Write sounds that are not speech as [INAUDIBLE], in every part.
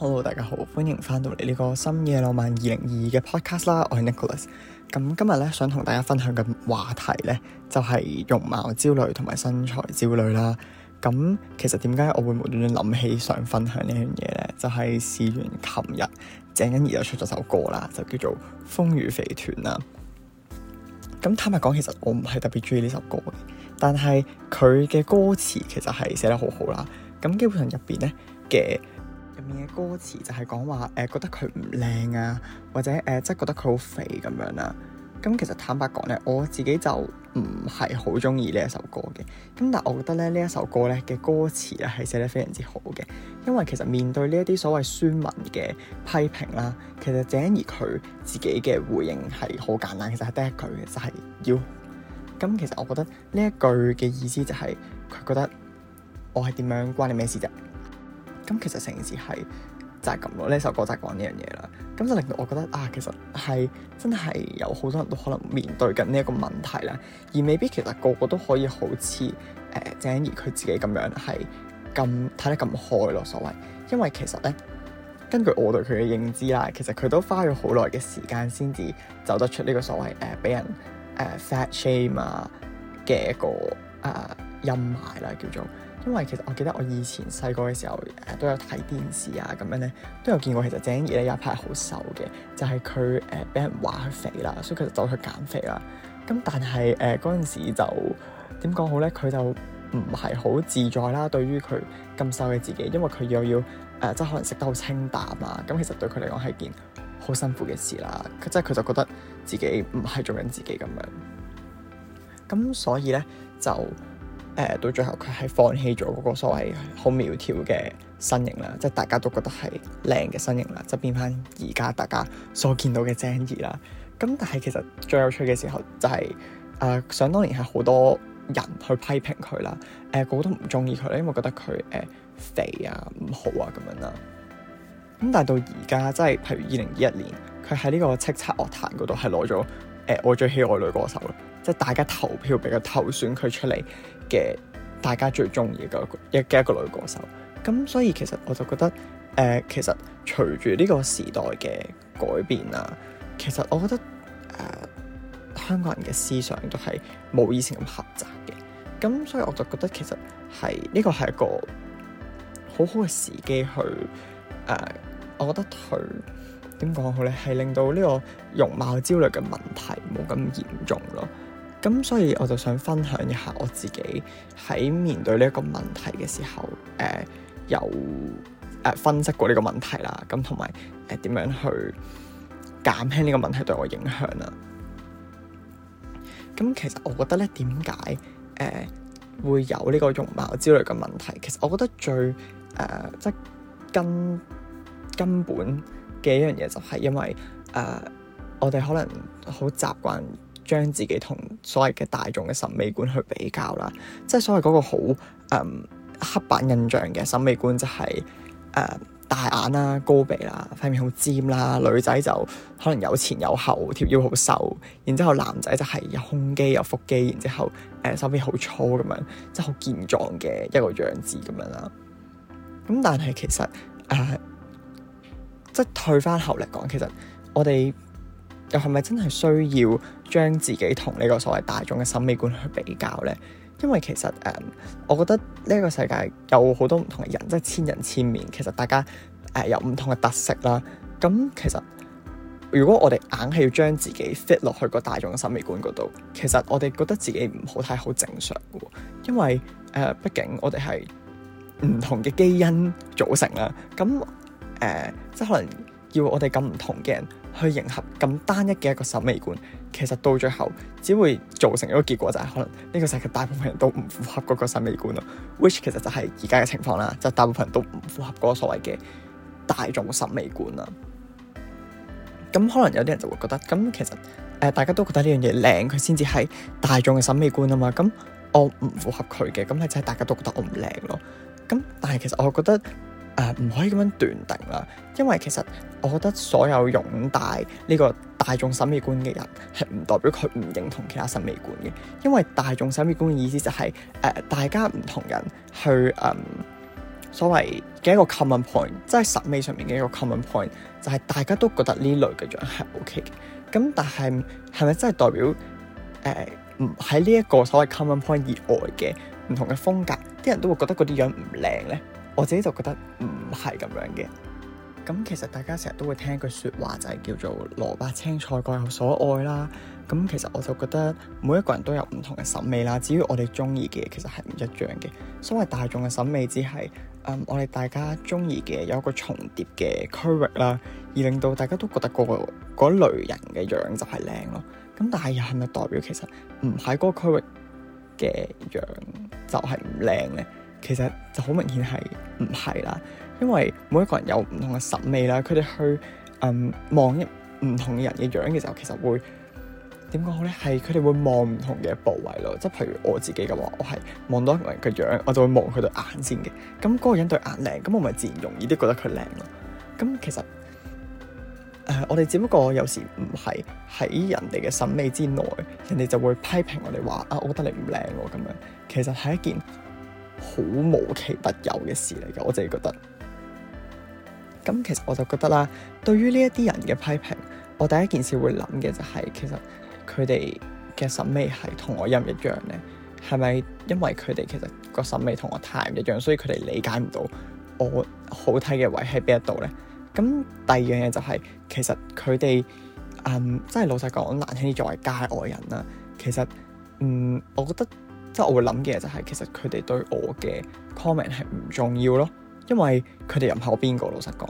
Hello，大家好，歡迎翻到嚟呢個深夜浪漫二零二二嘅 podcast 啦，我係 Nicholas。咁今日咧，想同大家分享嘅話題咧，就係容貌焦慮同埋身材焦慮啦。咁其實點解我會無端端諗起想分享呢樣嘢咧？就係事緣琴日，鄭欣宜又出咗首歌啦，就叫做《風雨肥團》啦。咁坦白講，其實我唔係特別中意呢首歌嘅，但係佢嘅歌詞其實係寫得好好啦。咁基本上入邊咧嘅。入面嘅歌詞就係講話誒，覺得佢唔靚啊，或者誒，即、呃、係覺得佢好肥咁樣啦、啊。咁、嗯、其實坦白講咧，我自己就唔係好中意呢一首歌嘅。咁、嗯、但係我覺得咧，呢一首歌咧嘅歌詞咧係寫得非常之好嘅。因為其實面對呢一啲所謂酸文嘅批評啦，其實鄭欣宜佢自己嘅回應係好簡單，其實係得一句、就是，就係要。咁、嗯、其實我覺得呢一句嘅意思就係佢覺得我係點樣關你咩事啫？咁其實成件事係就係咁咯，呢首歌就係講呢樣嘢啦。咁就令到我覺得啊，其實係真係有好多人都可能面對緊呢一個問題啦，而未必其實個個都可以好似誒鄭欣宜佢自己咁樣係咁睇得咁開咯，所謂。因為其實咧，根據我對佢嘅認知啦，其實佢都花咗好耐嘅時間先至走得出呢個所謂誒俾、呃、人誒 fat shame 啊嘅一個誒、呃、陰霾啦，叫做。因為其實我記得我以前細個嘅時候誒、呃、都有睇電視啊咁樣咧，都有見過其實鄭欣宜有一排好瘦嘅，就係佢誒俾人話佢肥啦，所以佢就走去減肥啦。咁、嗯、但係誒嗰陣時就點講好咧？佢就唔係好自在啦，對於佢咁瘦嘅自己，因為佢又要誒、呃、即係可能食得好清淡啊，咁、嗯、其實對佢嚟講係件好辛苦嘅事啦。即係佢就覺得自己唔係做緊自己咁樣。咁所以咧就。誒到最後佢係放棄咗嗰個所謂好苗條嘅身形啦，即係大家都覺得係靚嘅身形啦，就變翻而家大家所見到嘅鄭怡啦。咁但係其實最有趣嘅時候就係、是、誒、呃，想當年係好多人去批評佢啦，誒、呃、個個都唔中意佢咧，因為覺得佢誒、呃、肥啊唔好啊咁樣啦。咁但係到而家即係譬如二零二一年，佢喺呢個叱咤樂壇嗰度係攞咗。誒、呃，我最喜愛女歌手咯，即係大家投票比較投選佢出嚟嘅，大家最中意嘅一嘅一個女歌手。咁所以其實我就覺得，誒、呃，其實隨住呢個時代嘅改變啊，其實我覺得誒、呃，香港人嘅思想都係冇以前咁狹窄嘅。咁所以我就覺得其實係呢個係一個好好嘅時機去誒、呃，我覺得佢。點講好咧？係令到呢個容貌焦慮嘅問題冇咁嚴重咯。咁所以我就想分享一下我自己喺面對呢一個問題嘅時候，誒、呃，有誒、呃、分析過呢個問題啦。咁同埋誒點樣去減輕呢個問題對我影響啊？咁其實我覺得咧，點解誒會有呢個容貌焦慮嘅問題？其實我覺得最誒、呃、即係根根本。嘅一樣嘢就係因為誒、呃，我哋可能好習慣將自己同所謂嘅大眾嘅審美觀去比較啦，即係所謂嗰個好誒刻板印象嘅審美觀就係、是、誒、呃、大眼啦、高鼻啦、塊面好尖啦，女仔就可能有前有後，條腰好瘦，然之後男仔就係有胸肌有腹肌，然之後誒手臂好粗咁樣，即係好健壯嘅一個樣子咁樣啦。咁但係其實誒、呃即退翻後嚟講，其實我哋又係咪真係需要將自己同呢個所謂大眾嘅審美觀去比較呢？因為其實誒、嗯，我覺得呢個世界有好多唔同嘅人，即係千人千面。其實大家誒、呃、有唔同嘅特色啦。咁其實如果我哋硬係要將自己 fit 落去個大眾嘅審美觀嗰度，其實我哋覺得自己唔好睇好正常嘅。因為誒，畢、呃、竟我哋係唔同嘅基因組成啦、啊。咁誒、呃，即係可能要我哋咁唔同嘅人去迎合咁單一嘅一個審美觀，其實到最後只會造成一個結果，就係可能呢個世界大部分人都唔符合嗰個審美觀咯。which 其實就係而家嘅情況啦，就係、大部分人都唔符合嗰個所謂嘅大眾審美觀啦。咁可能有啲人就會覺得，咁其實誒、呃，大家都覺得呢樣嘢靚，佢先至係大眾嘅審美觀啊嘛。咁我唔符合佢嘅，咁咪即係大家都覺得我唔靚咯。咁但係其實我覺得。誒唔、uh, 可以咁樣斷定啦，因為其實我覺得所有擁戴呢個大眾審美觀嘅人，係唔代表佢唔認同其他審美觀嘅。因為大眾審美觀嘅意思就係、是、誒、uh, 大家唔同人去誒、um, 所謂嘅一個 common point，即係審美上面嘅一個 common point，就係大家都覺得呢類嘅樣係 OK 嘅。咁但係係咪真係代表誒唔喺呢一個所謂 common point 以外嘅唔同嘅風格，啲人都會覺得嗰啲樣唔靚呢？我自己就覺得唔係咁樣嘅，咁其實大家成日都會聽一句説話，就係、是、叫做蘿蔔青菜各有所愛啦。咁其實我就覺得每一個人都有唔同嘅審美啦，至於我哋中意嘅其實係唔一樣嘅。所謂大眾嘅審美只，只、嗯、係我哋大家中意嘅有一個重疊嘅區域啦，而令到大家都覺得、那個嗰類人嘅樣就係靚咯。咁但係又係咪代表其實唔喺嗰個區域嘅樣就係唔靚呢？其實就好明顯係唔係啦，因為每一個人有唔同嘅審美啦。佢哋去、呃、望一唔同嘅人嘅樣嘅時候，其實會點講好咧？係佢哋會望唔同嘅部位咯。即係譬如我自己嘅話，我係望到一個人嘅樣，我就會望佢對眼先嘅。咁嗰個人對眼靚，咁我咪自然容易啲覺得佢靚咯。咁其實誒、呃，我哋只不過有時唔係喺人哋嘅審美之內，人哋就會批評我哋話啊，我覺得你唔靚喎咁樣。其實係一件好無奇不有嘅事嚟嘅，我自己覺得。咁其實我就覺得啦，對於呢一啲人嘅批評，我第一件事會諗嘅就係、是，其實佢哋嘅審美係同我唔一樣呢？係咪因為佢哋其實個審美同我太唔一樣，所以佢哋理解唔到我好睇嘅位喺邊一度呢？咁第二樣嘢就係、是，其實佢哋嗯，即係老實講，難聽啲作為街外人啦，其實嗯，我覺得。即係我會諗嘅就係，其實佢哋對我嘅 comment 係唔重要咯，因為佢哋又唔係我邊個。老實講，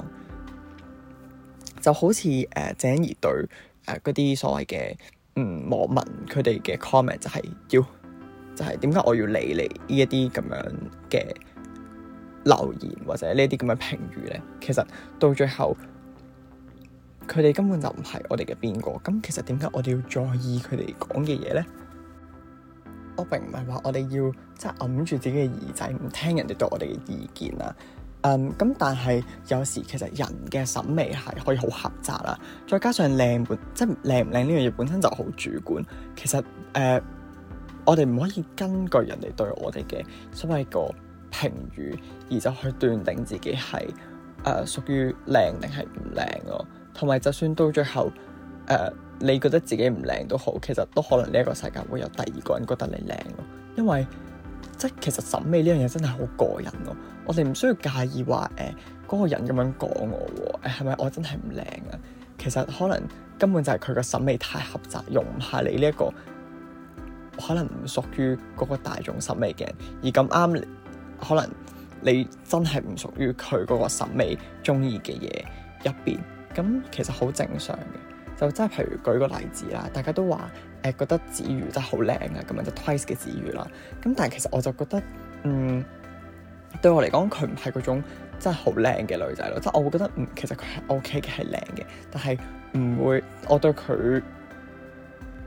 就好似誒鄭欣宜對誒嗰啲所謂嘅嗯網民佢哋嘅 comment 就係要，就係點解我要理你呢一啲咁樣嘅留言或者這這樣評呢啲咁嘅評語咧？其實到最後，佢哋根本就唔係我哋嘅邊個。咁其實點解我哋要在意佢哋講嘅嘢咧？我並唔係話我哋要即係揞住自己嘅耳仔唔聽人哋對我哋嘅意見啦。嗯，咁但係有時其實人嘅審美係可以好狹窄啦。再加上靚本即係靚唔靚呢樣嘢本身就好主觀。其實誒、呃，我哋唔可以根據人哋對我哋嘅所謂個評語而就去斷定自己係誒、呃、屬於靚定係唔靚咯、啊。同埋就算到最後誒。呃你覺得自己唔靚都好，其實都可能呢一個世界會有第二個人覺得你靚咯，因為即係其實審美呢樣嘢真係好個人咯。我哋唔需要介意話誒嗰個人咁樣講我喎，欸、係咪我真係唔靚啊？其實可能根本就係佢個審美太狹窄，容唔下你呢、這、一個可能唔屬於嗰個大眾審美嘅，而咁啱可能你真係唔屬於佢嗰個審美中意嘅嘢入邊，咁其實好正常嘅。就即係譬如舉個例子啦，大家都話誒、欸、覺得子瑜真係好靚啊，咁樣就是、Twice 嘅子瑜啦。咁但係其實我就覺得，嗯，對我嚟講佢唔係嗰種真係好靚嘅女仔咯。即、就、係、是、我會覺得，嗯，其實佢係 OK 嘅，係靚嘅，但係唔會我對佢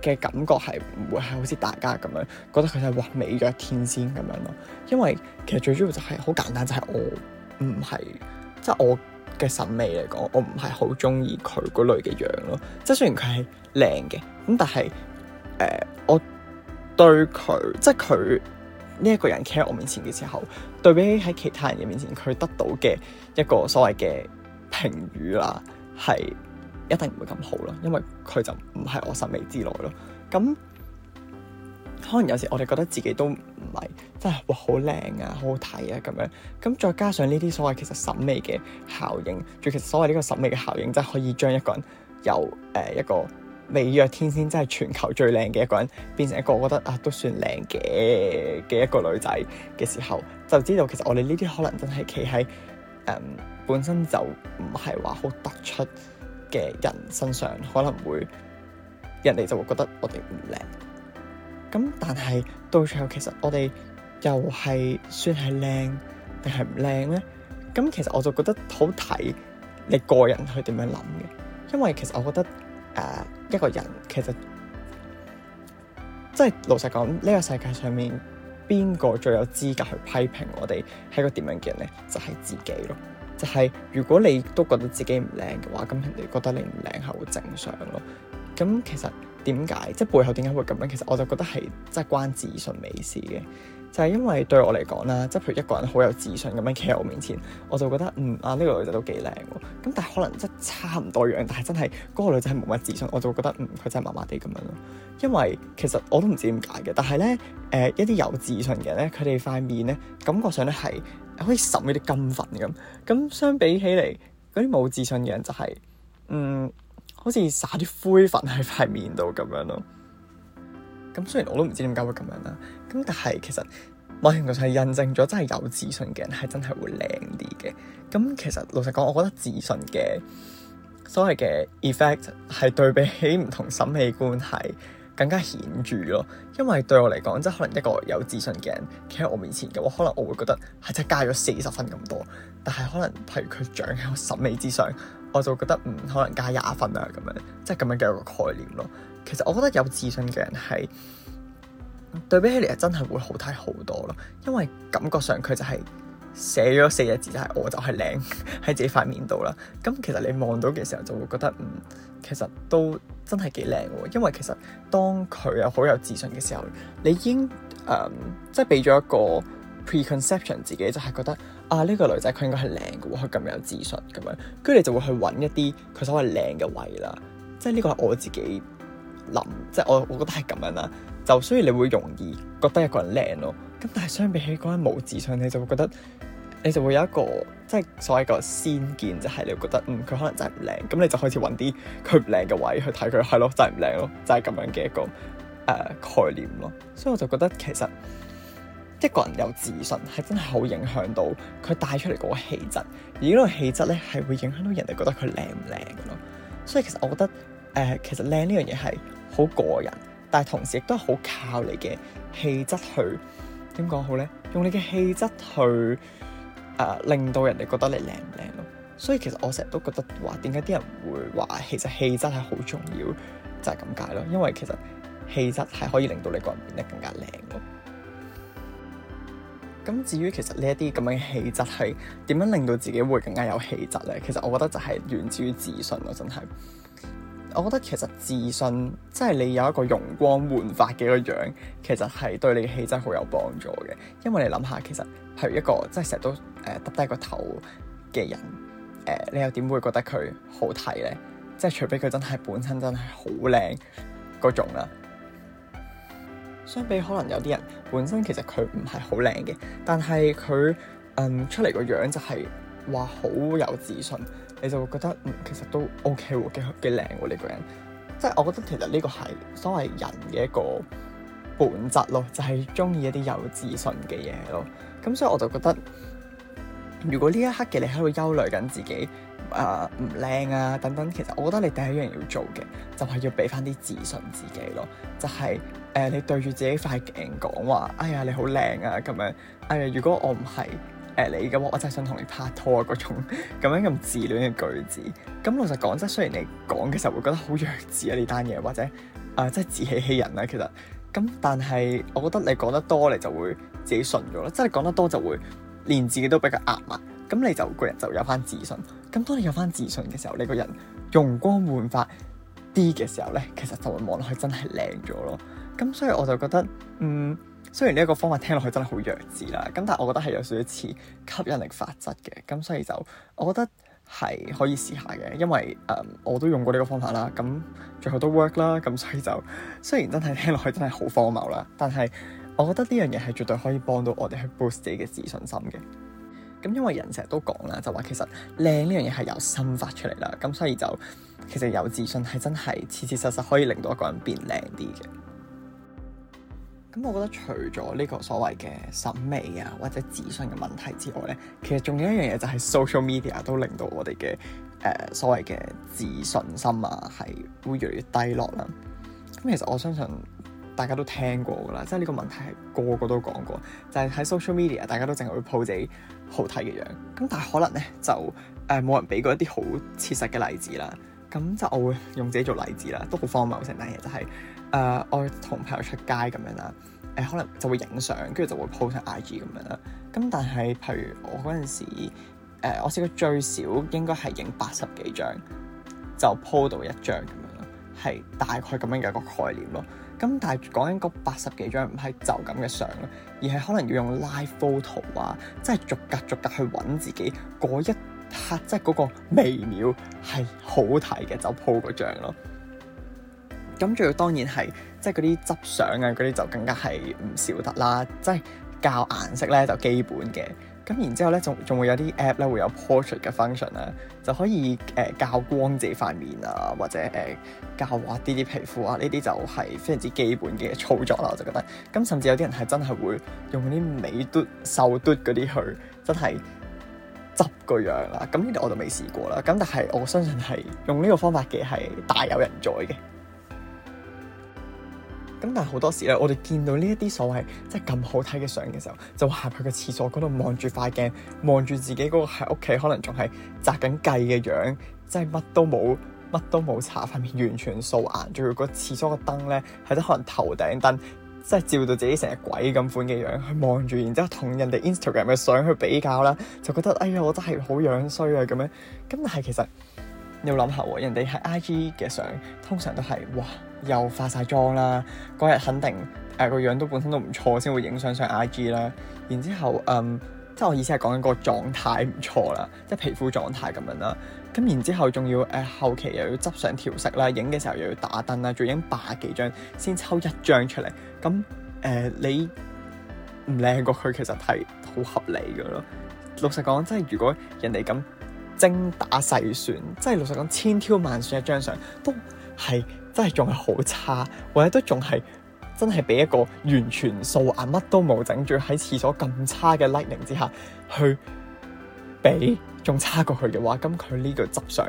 嘅感覺係唔會係好似大家咁樣覺得佢係話美若天仙咁樣咯。因為其實最主要就係、是、好簡單就，就係我唔係，即係我。嘅審美嚟講，我唔係好中意佢嗰類嘅樣咯。即係雖然佢係靚嘅，咁但係誒、呃，我對佢即係佢呢一個人企喺我面前嘅時候，對比起喺其他人嘅面前，佢得到嘅一個所謂嘅評語啦，係一定唔會咁好咯。因為佢就唔係我審美之內咯。咁。可能有時我哋覺得自己都唔係，真係哇好靚啊，好好睇啊咁樣。咁再加上呢啲所謂其實審美嘅效應，最其實所謂呢個審美嘅效應，真係可以將一個人由誒一個美若天仙，真係全球最靚嘅一個人，變成一個我覺得啊都算靚嘅嘅一個女仔嘅時候，就知道其實我哋呢啲可能真係企喺誒本身就唔係話好突出嘅人身上，可能會人哋就會覺得我哋唔靚。咁、嗯、但係到最後，其實我哋又係算係靚定係唔靚呢？咁、嗯、其實我就覺得好睇你個人去點樣諗嘅，因為其實我覺得誒、呃、一個人其實即係、就是、老實講，呢、這個世界上面邊個最有資格去批評我哋係一個點樣嘅人呢？就係、是、自己咯。就係、是、如果你都覺得自己唔靚嘅話，咁人哋覺得你唔靚係好正常咯。咁、嗯、其實。點解？即係背後點解會咁樣？其實我就覺得係即係關自信未事嘅，就係、係、因為對我嚟講啦，即係譬如一個人好有自信咁樣企喺我面前，我就覺得嗯啊呢、呢個女仔都幾靚喎。咁、嗯、但係可能即係差唔多樣，但係真係嗰個女仔係冇乜自信，我就覺得嗯佢真係麻麻地咁樣咯。因為其實我都唔知點解嘅，但係咧誒一啲有自信嘅咧，佢哋塊面咧感覺上咧係可以滲一啲金粉咁。咁相比起嚟，嗰啲冇自信嘅人就係、係、嗯。好似撒啲灰粉喺塊面度咁樣咯，咁雖然我都唔知點解會咁樣啦，咁但係其實，某程度上係印證咗真係有自信嘅人係真係會靚啲嘅。咁其實老實講，我覺得自信嘅所謂嘅 effect 係對比起唔同審美觀係更加顯著咯。因為對我嚟講，即係可能一個有自信嘅人企喺我面前嘅話，可能我會覺得係真係加咗四十分咁多。但係可能譬如佢長喺我審美之上。我就覺得唔、嗯、可能加廿分啊，咁樣即係咁樣嘅一個概念咯。其實我覺得有自信嘅人係對比起嚟真係會好睇好多咯，因為感覺上佢就係寫咗四隻字就係、但係、我就係靚喺自己塊面度啦。咁其實你望到嘅時候就會覺得嗯，其實都真係幾靚喎。因為其實當佢有好有自信嘅時候，你已經誒、嗯、即係俾咗一個 preconception 自己就係覺得啊呢個女仔佢應該係靚嘅佢咁有自信咁樣，跟住你就會去揾一啲佢所謂靚嘅位啦。即係呢個係我自己諗，即係我我覺得係咁樣啦。就所以你會容易覺得一個人靚咯。咁但係相比起嗰個冇自信，你就會覺得你就會有一個即係所謂個先見，就係你會覺得嗯佢可能真係唔靚。咁你就開始揾啲佢唔靚嘅位去睇佢，係咯真係唔靚咯，就係咁樣嘅一個誒概念咯。所以我就覺得其實。一個人有自信，係真係好影響到佢帶出嚟嗰個氣質，而個氣質呢個氣質咧，係會影響到人哋覺得佢靚唔靚嘅咯。所以其實我覺得，誒、呃，其實靚呢樣嘢係好個人，但係同時亦都係好靠你嘅氣質去點講好咧？用你嘅氣質去誒、呃、令到人哋覺得你靚唔靚咯。所以其實我成日都覺得話，點解啲人會話其實氣質係好重要，就係咁解咯。因為其實氣質係可以令到你個人變得更加靚咯。咁至於其實呢一啲咁嘅氣質係點樣令到自己會更加有氣質呢？其實我覺得就係源自於自信咯，真係。我覺得其實自信，即係你有一個容光煥發嘅個樣，其實係對你嘅氣質好有幫助嘅。因為你諗下，其實譬如一個即係成日都耷、呃、低個頭嘅人，呃，你又點會覺得佢好睇呢？即係除非佢真係本身真係好靚嗰種啦。相比可能有啲人本身其實佢唔係好靚嘅，但係佢嗯出嚟個樣就係話好有自信，你就會覺得嗯其實都 O K 喎，幾幾靚喎呢個人。即係我覺得其實呢個係所謂人嘅一個本質咯，就係中意一啲有自信嘅嘢咯。咁所以我就覺得，如果呢一刻嘅你喺度憂慮緊自己啊唔靚啊等等，其實我覺得你第一樣要做嘅就係要俾翻啲自信自己咯，就係。誒、呃，你對住自己塊鏡講話，哎呀，你好靚啊咁樣。哎呀，如果我唔係誒你嘅話，我真係想同你拍拖啊嗰種咁 [LAUGHS] 樣咁自戀嘅句子。咁、嗯、老實講，真係雖然你講嘅時候會覺得好弱智啊呢單嘢，或者啊、呃，即係自欺欺人啦、啊。其實咁、嗯，但係我覺得你講得多，你就會自己信咗咯。即、就、係、是、講得多就會連自己都比較壓埋，咁、嗯、你就個人就有返自信。咁、嗯、當你有返自信嘅時候，你個人容光煥發啲嘅時候咧，其實就會望落去真係靚咗咯。咁所以我就覺得，嗯，雖然呢一個方法聽落去真係好弱智啦，咁但係我覺得係有少少似吸引力法則嘅。咁所以就，我覺得係可以試下嘅，因為誒、嗯、我都用過呢個方法啦，咁最後都 work 啦。咁所以就雖然真係聽落去真係好荒謬啦，但係我覺得呢樣嘢係絕對可以幫到我哋去 boost 自己嘅自信心嘅。咁因為人成日都講啦，就話其實靚呢樣嘢係由心發出嚟啦。咁所以就其實有自信係真係切切實實可以令到一個人變靚啲嘅。咁我覺得除咗呢個所謂嘅審美啊，或者自信嘅問題之外咧，其實仲有一樣嘢，就係 social media 都令到我哋嘅、誒所謂嘅自信心啊，係會越嚟越低落啦。咁其實我相信大家都聽過噶啦，即係呢個問題係個個都講過，就係喺 social media 大家都淨係會抱自己好睇嘅樣，咁但係可能咧就、誒冇人俾過一啲好切實嘅例子啦。咁就我會用自己做例子啦，都好荒謬成嘢，就係。誒，uh, 我同朋友出街咁樣啦，誒、呃、可能就會影相，跟住就會 po 上 IG 咁樣啦。咁但係，譬如我嗰陣時、呃，我試過最少應該係影八十幾張，就 po 到一張咁樣，係大概咁樣嘅一個概念咯。咁但係講緊嗰八十幾張唔係就咁嘅相咯，而係可能要用 live photo 啊，即、就、係、是、逐格逐格去揾自己嗰一刻，即係嗰個微妙係好睇嘅，就 po 嗰張咯。咁仲要當然係即係嗰啲執相啊，嗰啲就更加係唔少得啦。即係校顏色咧就基本嘅。咁然之後咧，仲仲會有啲 app 咧會有 portrait 嘅 function 咧，就可以誒、呃、校光自己塊面啊，或者誒、呃、校滑啲啲皮膚啊。呢啲就係非常之基本嘅操作啦。我就覺得咁，甚至有啲人係真係會用啲美嘟瘦嘟嗰啲去真係執個樣啦。咁呢度我就未試過啦。咁但係我相信係用呢個方法嘅係大有人在嘅。咁但係好多時咧，我哋見到呢一啲所謂即係咁好睇嘅相嘅時候，就入去個廁所嗰度望住塊鏡，望住自己嗰個喺屋企可能仲係紮緊髻嘅樣，即係乜都冇，乜都冇搽塊面，完全素顏，仲要個廁所個燈咧，係得可能頭頂燈，即係照到自己成日鬼咁款嘅樣去望住，然之後同人哋 Instagram 嘅相去比較啦，就覺得哎呀，我真係好樣衰啊咁樣。咁但係其實。你要諗下喎，人哋喺 IG 嘅相通常都係哇，又化晒妝啦，嗰日肯定誒個、呃、樣都本身都唔錯先會影相上 IG 啦。然之後嗯，即係我意思係講緊個狀態唔錯啦，即係皮膚狀態咁樣啦。咁然之後仲要誒、呃、後期又要執相調色啦，影嘅時候又要打燈啦，仲要影百幾張先抽一張出嚟。咁誒、呃、你唔靚過佢，其實係好合理㗎囉。老實講，即係如果人哋咁。精打細算，即係老實講，千挑萬選一張相都係真係，仲係好差，或者都仲係真係比一個完全素顏乜都冇整住，喺廁所咁差嘅 lighting 之下去比仲差過佢嘅話，咁佢呢度執相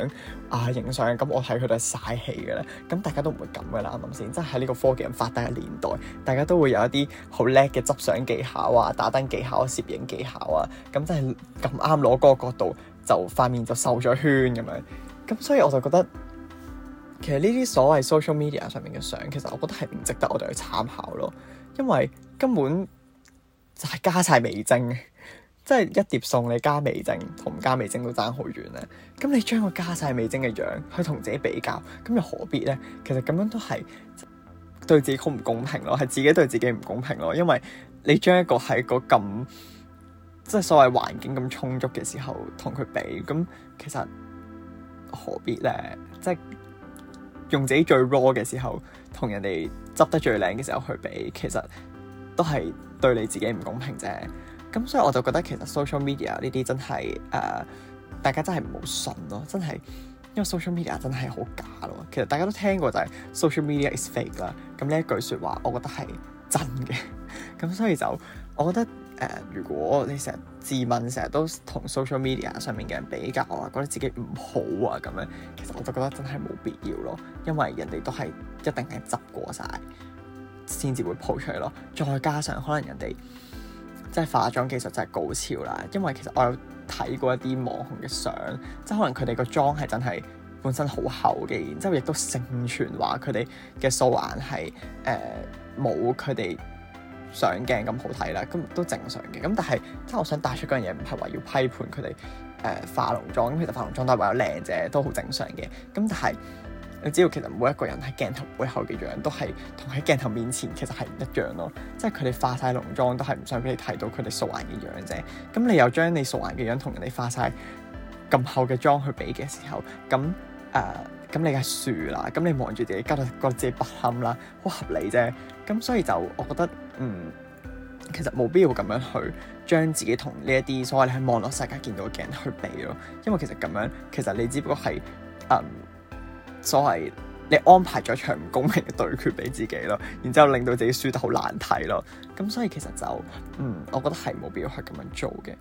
啊影相，咁我睇佢哋晒氣嘅咧。咁大家都唔會咁噶啦，啱唔啱先？即係喺呢個科技咁發達嘅年代，大家都會有一啲好叻嘅執相技巧啊、打燈技巧啊、攝影技巧啊，咁真係咁啱攞嗰個角度。就塊面就瘦咗圈咁樣，咁所以我就覺得其實呢啲所謂 social media 上面嘅相，其實我覺得係唔值得我哋去參考咯，因為根本就係加晒味精，即係一碟餸你加味精同唔加味精都爭好遠咧。咁你將個加晒味精嘅樣去同自己比較，咁又何必呢？其實咁樣都係對自己好唔公平咯，係自己對自己唔公平咯，因為你將一個喺個咁。即係所謂環境咁充足嘅時候，同佢比咁，其實何必咧？即係用自己最 raw 嘅時候，同人哋執得最靚嘅時候去比，其實都係對你自己唔公平啫。咁所以我就覺得，其實 social media 呢啲真係誒，uh, 大家真係唔好信咯，真係，因為 social media 真係好假咯。其實大家都聽過就係 social media is fake 啦。咁呢一句說話，我覺得係真嘅。 [LAUGHS] 所以就，我覺得係真嘅。咁所以就我覺得。誒、呃，如果你成日自問，成日都同 social media 上面嘅人比較啊，覺得自己唔好啊咁樣，其實我就覺得真係冇必要咯，因為人哋都係一定係執過晒先至會鋪出嚟咯。再加上可能人哋即係化妝技術真係高超啦，因為其實我有睇過一啲網紅嘅相，即係可能佢哋個妝係真係本身好厚嘅，然之後亦都盛傳話佢哋嘅素顏係誒冇佢哋。呃上鏡咁好睇啦，咁都正常嘅。咁但係，即係我想帶出嗰樣嘢，唔係話要批判佢哋誒化濃妝。咁其實化濃妝都係為咗靚啫，都好正常嘅。咁但係，你知道其實每一個人喺鏡頭背後嘅樣都係同喺鏡頭面前其實係唔一樣咯。即係佢哋化晒濃妝都係唔想俾你睇到佢哋素顏嘅樣啫。咁你又將你素顏嘅樣同人哋化晒咁厚嘅妝去比嘅時候，咁誒。呃咁你梗係輸啦，咁你望住自己，覺得覺得自己不堪啦，好合理啫。咁所以就我覺得，嗯，其實冇必要咁樣去將自己同呢一啲所謂喺網絡世界見到嘅人去比咯，因為其實咁樣，其實你只不過係，嗯，所謂你安排咗一場唔公平嘅對決俾自己咯，然之後令到自己輸得好難睇咯。咁所以其實就，嗯，我覺得係冇必要去咁樣做嘅。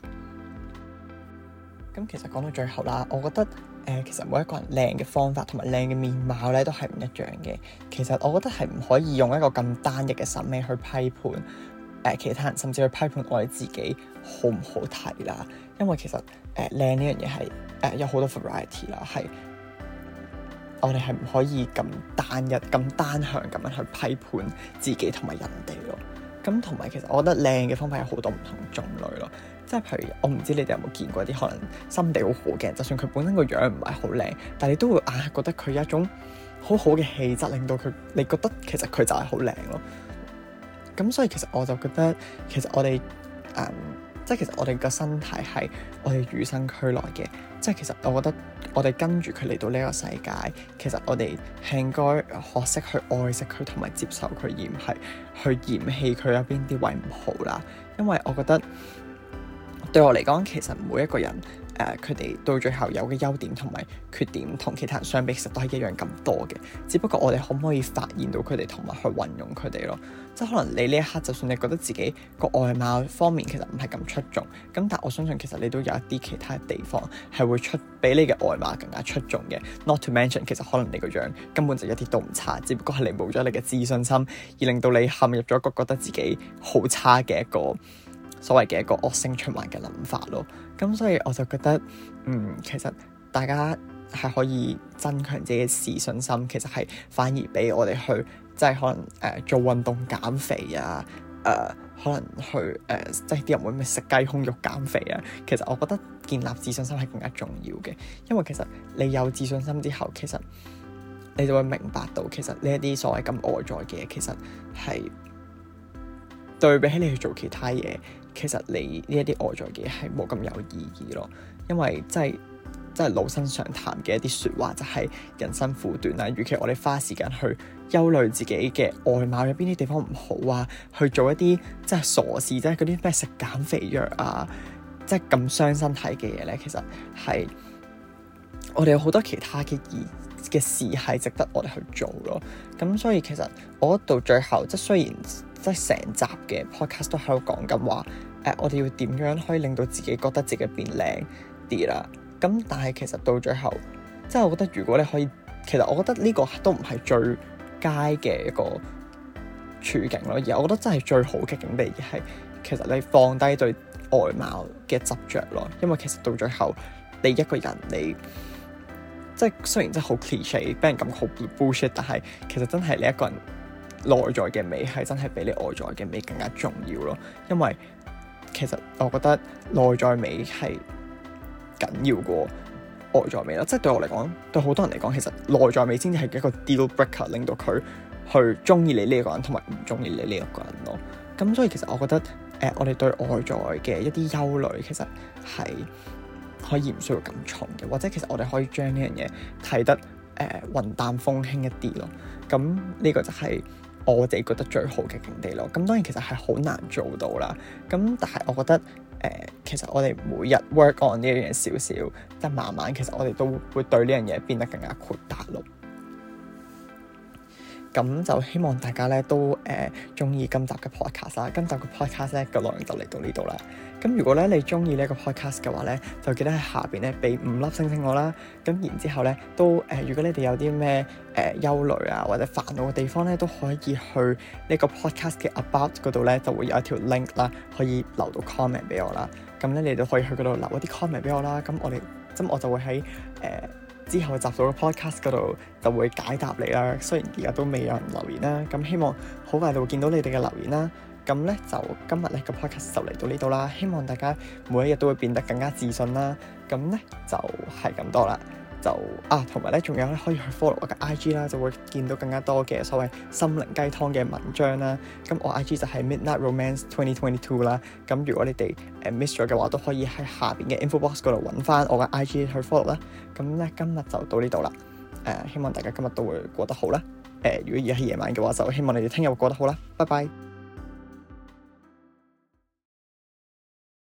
咁其實講到最後啦，我覺得。誒、呃，其實每一個人靚嘅方法同埋靚嘅面貌咧，都係唔一樣嘅。其實我覺得係唔可以用一個咁單一嘅審美去批判誒、呃、其他人，甚至去批判我哋自己好唔好睇啦。因為其實誒靚呢樣嘢係誒有好多 variety 啦，係我哋係唔可以咁單一、咁單向咁樣去批判自己同埋人哋咯。咁同埋，嗯、其實我覺得靚嘅方法有好多唔同種類咯，即係譬如我唔知你哋有冇見過啲可能心地好好嘅人，就算佢本身個樣唔係好靚，但係你都會啊覺得佢有一種好好嘅氣質，令到佢你覺得其實佢就係好靚咯。咁所以其實我就覺得，其實我哋誒。嗯即係其實我哋個身體係我哋與生俱來嘅，即係其實我覺得我哋跟住佢嚟到呢個世界，其實我哋係應該學識去愛惜佢，同埋接受佢，而唔係去嫌棄佢有邊啲位唔好啦。因為我覺得對我嚟講，其實每一個人。誒，佢哋到最後有嘅優點同埋缺點，同其他人相比，其實都係一樣咁多嘅。只不過我哋可唔可以發現到佢哋，同埋去運用佢哋咯？即係可能你呢一刻，就算你覺得自己個外貌方面其實唔係咁出眾，咁但我相信其實你都有一啲其他地方係會出比你嘅外貌更加出眾嘅。Not to mention，其實可能你個樣根本就一啲都唔差，只不過係你冇咗你嘅自信心，而令到你陷入咗一個覺得自己好差嘅一個所謂嘅一個惡性循環嘅諗法咯。咁所以我就覺得，嗯，其實大家係可以增強自己嘅自信心。其實係反而比我哋去即係可能誒、呃、做運動減肥啊，誒、呃、可能去誒、呃、即係啲人會咩食雞胸肉減肥啊。其實我覺得建立自信心係更加重要嘅，因為其實你有自信心之後，其實你就會明白到其實呢一啲所謂咁外在嘅嘢，其實係對比起你去做其他嘢。其實你呢一啲外在嘅嘢係冇咁有意義咯，因為即係即係老生常談嘅一啲説話就係、是、人生苦短啦。與其我哋花時間去憂慮自己嘅外貌有邊啲地方唔好啊，去做一啲即係傻事，即係嗰啲咩食減肥藥啊，即係咁傷身體嘅嘢咧。其實係我哋有好多其他嘅嘅事係值得我哋去做咯。咁所以其實我到最後，即雖然。即係成集嘅 podcast 都喺度講緊話，誒、呃，我哋要點樣可以令到自己覺得自己變靚啲啦？咁但係其實到最後，即係我覺得如果你可以，其實我覺得呢個都唔係最佳嘅一個處境咯。而我覺得真係最好嘅境地係，其實你放低對外貌嘅執着咯。因為其實到最後，你一個人你即係雖然真係好 cliche，俾人感覺好 bullshit，但係其實真係你一個人。內在嘅美係真係比你外在嘅美更加重要咯，因為其實我覺得內在美係緊要過外在美咯，即係對我嚟講，對好多人嚟講，其實內在美先至係一個 deal breaker，令到佢去中意你呢個人，同埋唔中意你呢一個人咯。咁所以其實我覺得，誒，我哋對外在嘅一啲憂慮，其實係可以唔需要咁重嘅，或者其實我哋可以將呢樣嘢睇得誒呃、雲淡風輕一啲咯。咁呢個就係。我哋覺得最好嘅境地咯，咁當然其實係好難做到啦。咁但係我覺得，誒、呃，其實我哋每日 work on 呢樣嘢少少，但、即係、慢慢，其實我哋都會對呢樣嘢變得更加豁達咯。咁就希望大家咧都誒中意今集嘅 podcast 啦，今集嘅 podcast 呢個內容就嚟到呢度啦。咁如果咧你中意呢一個 podcast 嘅話咧，就記得喺下邊咧俾五粒星星我啦。咁然之後咧都誒、呃，如果你哋有啲咩誒憂慮啊或者煩惱嘅地方咧，都可以去呢個 podcast 嘅 about 嗰度咧，就會有一條 link 啦，可以留到 comment 俾我啦。咁咧你哋都可以去嗰度留一啲 comment 俾我啦。咁我哋咁我就會喺誒。呃之後集到嘅 podcast 嗰度就會解答你啦，雖然而家都未有人留言啦，咁希望好快就會見到你哋嘅留言啦。咁咧就今日咧個 podcast 就嚟到呢度啦，希望大家每一日都會變得更加自信啦。咁咧就係咁多啦。就啊，同埋咧，仲有咧，可以去 follow 我嘅 IG 啦，就會見到更加多嘅所謂心靈雞湯嘅文章啦。咁我 IG 就係 Midnight Romance Twenty Twenty Two 啦。咁如果你哋誒 miss 咗嘅話，都可以喺下邊嘅 info box 度搵翻我嘅 IG 去 follow 啦。咁咧今日就到呢度啦。誒、呃，希望大家今日都會過得好啦。誒、呃，如果而家係夜晚嘅話，就希望你哋聽日會過得好啦。拜拜。